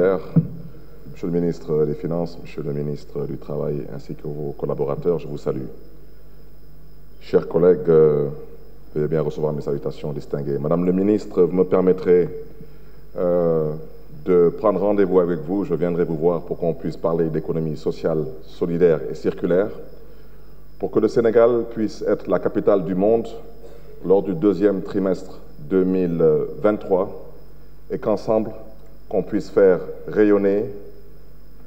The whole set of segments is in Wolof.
solidaire, Monsieur le le ministre du Travail ainsi que vos collaborateurs, je vous salue. Chers collègues, euh, veuillez bien recevoir mes salutations distinguées. Madame le ministre, euh, pour qu'on puisse parler d'économie sociale, solidaire et Sénégal puisse être la capitale du monde lors du deuxième trimestre 2023 et qu'ensemble, qu'on puisse faire rayonner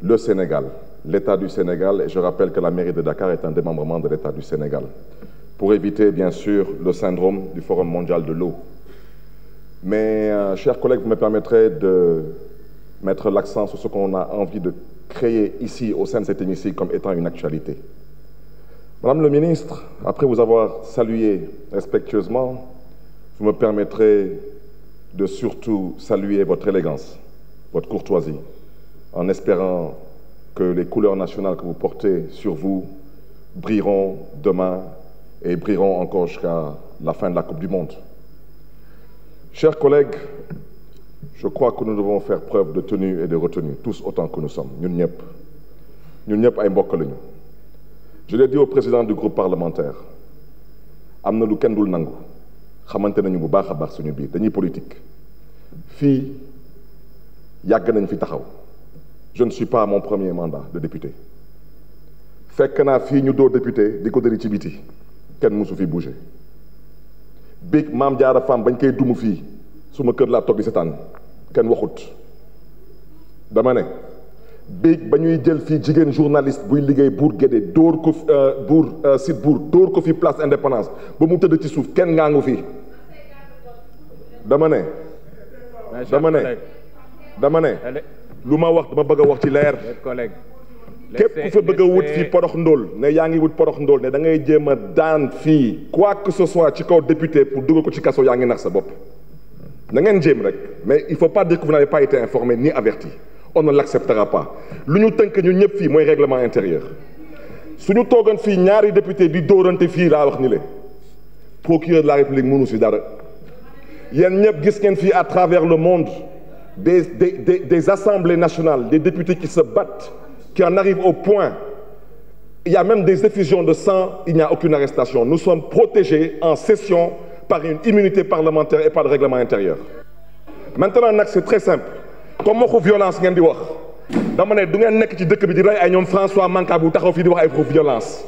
le Sénégal, l'État du Sénégal, et je rappelle que la mairie de Dakar est un démembrement de l'État du Sénégal, pour éviter bien sûr le syndrome du Forum mondial de l'eau. Mais, euh, chers collègues, vous me permettrez de mettre l'accent sur ce qu'on a envie de créer ici, au sein de cet hémicycle, comme étant une actualité. Madame le ministre, après vous avoir salué respectueusement, vous me permettrez de surtout saluer votre élégance. votre courtoisie, en espérant que les couleurs nationales que vous portez sur vous brilleront demain et brilleront encore jusqu'à la fin de la Coupe du Monde. Chers collègues, je crois que nous devons faire preuve de tenue et de retenue, tous autant que nous sommes, ñun ñëpp ñun ñëpp ay mbokk lañu. Je l'ai dit au président du groupe parlementaire am na lu kenn dul nangu xamante nañu bu baax a baax suñu biir dañuy politique yàgg nañ fi taxaw je ne suis pas à mon premier mandat de député fekk naa fii ñu dóor député di ko dëri ci biti kenn mësu fi bouger big maam jaara femme bañ koy dumu fii suma kër laa toog di setaan kenn waxut dama ne big ba ñuy jël fii jigéen journaliste buy liggéey buur gédé dóor ko euh, buur euh, site buur dóor ko fi place indépendance ba mu tëdd ci suuf kenn ngaangu ngu fii dama ne dama ne dama ne lu ma wax dama bëgg a wax ci leer képp ku fa bëgg a wut fii porox ndóol ne yaa ngi wut porox ndóol ne da ngay jéem a daan fii quoi que ce soit ci kaw député pour dugal ko ci kaso yaa ngi nax sa bopp na ngeen jéem rek mais il faut pas dire que vous n'avez pas été informé ni averti on ne l'acceptera pas lu ñu tënk ñu ñëpp fii mooy réglement intérieur suñu toogan fii ñaari député di dóorante fii laa wax ni le procureur de la république mënu si dara yéen ñëpp gis ngeen fii à travers le monde des, des, des, des assemblées nationales, des députés qui se battent, qui en arrivent au point il y a même des effusions de sang, il n'y a aucune arrestation. Nous sommes protégés en session par une immunité parlementaire et par le règlement intérieur. Maintenant nag c'est très simple comme waxu violence ngeen di wax dama ne du ngeen nekk ci dëkk bi di rey ay ñoom François Mancabou taxaw fii di wax ay waxu violence.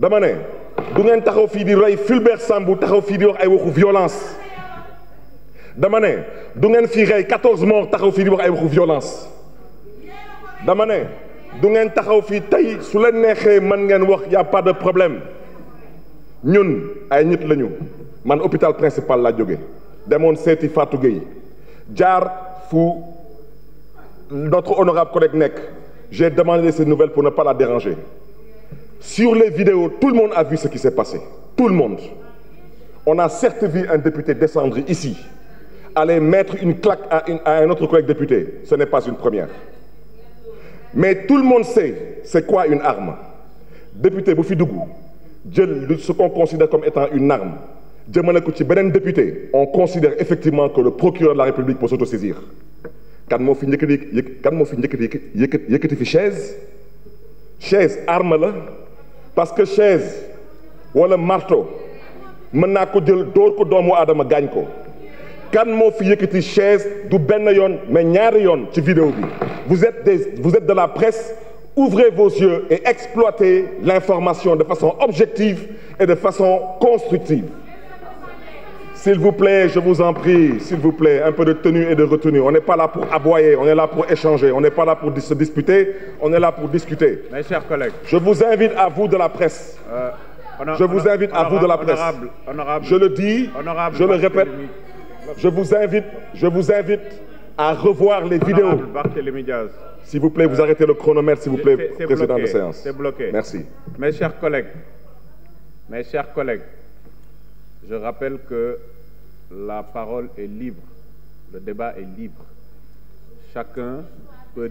dama ne du ngeen taxaw fii di rey Fulbert Sambou taxaw fii di wax ay waxu violence. dama ne du ngeen fii rey 14 morts taxaw fii di wax ay waxu violence dama ne du ngeen taxaw fii tey su leen neexee mën ngeen wax y pas de problème ñun ay nit lañu man hôpital principal la jóge demoon seeti Fatou Gueye jaar fu notre honorable collègue nekk j'ai demandé ces nouvelles pour ne pas la déranger sur les vidéos tout le monde a vu ce qui s'est passé tout le monde on a certes vu un député descendre ici allait mettre une claque à, un autre collègue député. Ce n'est pas une première. Mais tout le monde sait c'est quoi une arme. Député bu fi dugg jël ce qu'on considère comme étant une arme jëmale ko ci beneen député on considère effectivement que le procureur de la République peut s'autosaisir kan moo fi njëkkati yëk kan moo fi njëkkati yëkkati yëkkati fi chaise chaise arme la parce que chaise wala marto mën naa ko jël dóor ko doomu aadama gaañ ko kan moo fi yëkkati chaise du benn yoon mais ñaari yoon ci vidéo bi vous êtes des de la presse ouvrez vos yeux et exploitez l'information de façon objective et de façon constructive s'il vous plaît je vous en prie s'il vous plaît un peu de tenue et de retenue on n'est pas là pour aboyer on est là pour échanger on n'est pas là pour se disputer on est là pour discuter je vous invite à vous de la presse euh, honor, je vous à la presse honorable, honorable, je le dis je le répète je vous invite je vous invite à revoir les vidéos s'il vous plaît vous arrêtez le chronomètre s'il vous plaît président bloqué, de séance c'est bloqué merci mes chers collègues mes chers collègues je rappelle que la parole est libre le débat est libre chacun peut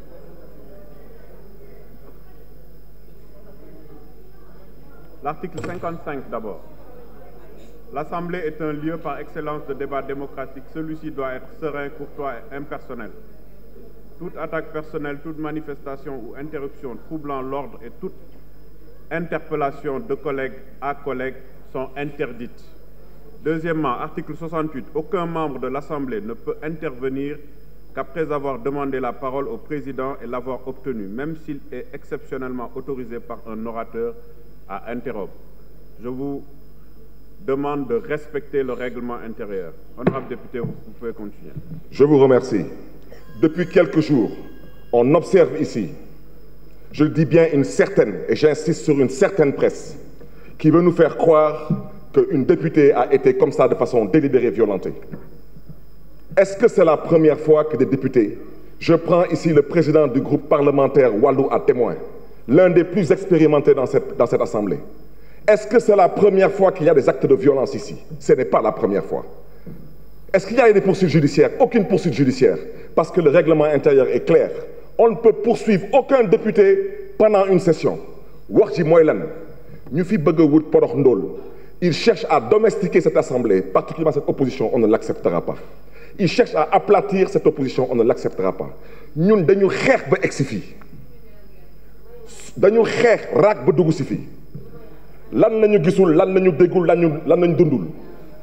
L'article 55 d'abord. L'Assemblée est un lieu par excellence de débat démocratique. Celui-ci doit être serein, courtois et impersonnel. Toute attaque personnelle, toute manifestation ou interruption troublant et toute interpellation de collègues à collègues sont interdites. Deuxièmement, article 68, aucun membre de l'Assemblée ne peut intervenir qu'après avoir demandé la parole au président et l'avoir obtenue, même s'il est exceptionnellement par un orateur à interrompre. Je vous de respecter le règlement intérieur. Honorable député, vous pouvez continuer. Je vous remercie. Depuis quelques jours, on observe ici, je le dis bien une certaine, et j'insiste sur une certaine presse, qui veut nous faire croire qu'une députée a été comme ça de façon délibérée violentée. Est-ce que c'est la première fois que des députés, je prends ici le président du groupe parlementaire Wallou à témoin, l'un des plus expérimentés dans cette, dans cette Assemblée. Est-ce que c'est la première fois qu'il y a des actes de violence ici Ce n'est pas la première fois. Est-ce qu'il y a des poursuites judiciaires Aucune poursuite judiciaire, parce que le règlement intérieur est clair. On ne peut poursuivre aucun député pendant une session. Warji Moylan, Nufi Begewood Ndol, il cherche à domestiquer cette Assemblée, particulièrement cette opposition, on ne l'acceptera pas. Il cherche à aplatir cette dañu xeex raak ba dugg si fi lan nañu gisul lan nañu déggul lan nañu lan nañu dundul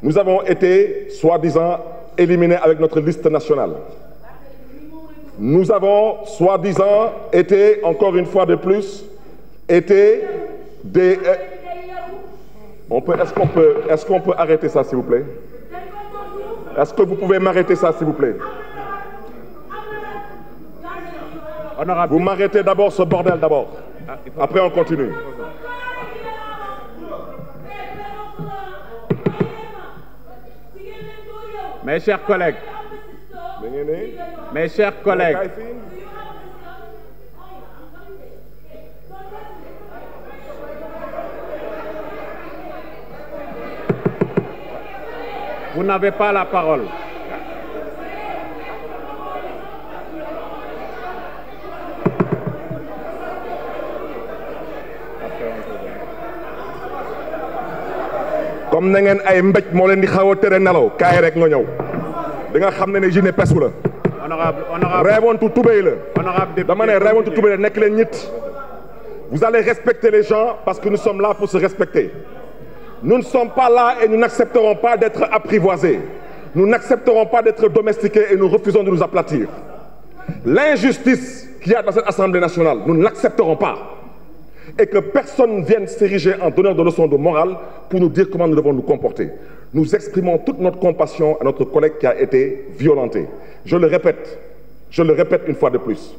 nous avons été soi-disant éliminés avec notre liste nationale nous avons soi-disant été encore une fois de plus été des euh, on peut est-ce qu'on peut est-ce qu'on peut arrêter ça s'il vous plaît est-ce que vous pouvez m'arrêter ça s'il vous plaît Honorable. Vous m'arrêtez d'abord ce bordel d'abord. Ah, Après on continue. Mes chers collègues. Mes chers collègues. Vous n'avez pas la parole. comme na ngeen ay mbéj moo leen di a tere nelaw kaay rek ne ne jeune pesu la. honorable honorable reewantu tubéy la. dama ne reewantu tubéy la nekk leen ñit vous allez respecter les gens parce sommes pas là et nous n'accepterons pas d'être apprivoisés nous n'accepterons pas d'être domestiqués et nous refusons de nous aplatir l'injustice qu'il a dans cette assemblée nationale nous ne pas et que personne vienne s'ériger en donneur de leçons de morale pour nous dire comment nous devons nous comporter. Nous exprimons toute notre compassion à notre collègue qui a été violenté. Je le répète, une fois de plus.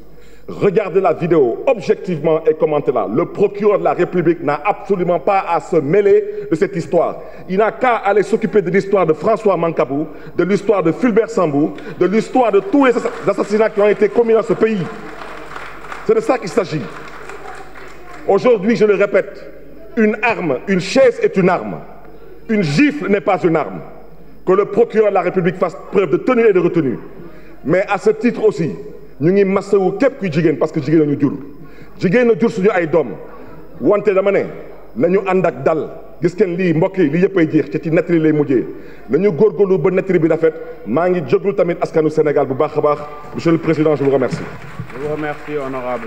Regardez la vidéo objectivement et commentez-la. Le procureur de la République n'a absolument pas à se mêler de cette histoire. Il n'a qu'à aller s'occuper de l'histoire de François Mankabou, de l'histoire de Fulbert Sambou, de l'histoire Aujourd'hui, je le répète, une arme, une chaise est une arme. Une gifle n'est pas une arme. Que le procureur de la République fasse preuve de tenue et de retenue. Mais à ce titre aussi, ñu ngi masawu képp kuy jigéen parce que jigéen la ñu jur jigéen la jur suñu ay doom wante dama ne nañu ànd ak dal gis ngeen lii mbokk yi lii yëppay jeex ci ci nettali lay mujjee nañu góorgóorlu ba nettali bi rafet maa ngi jóglu tamit askanu Sénégal bu baax a baax monsieur le président je vous remercie. je vous remercie honorable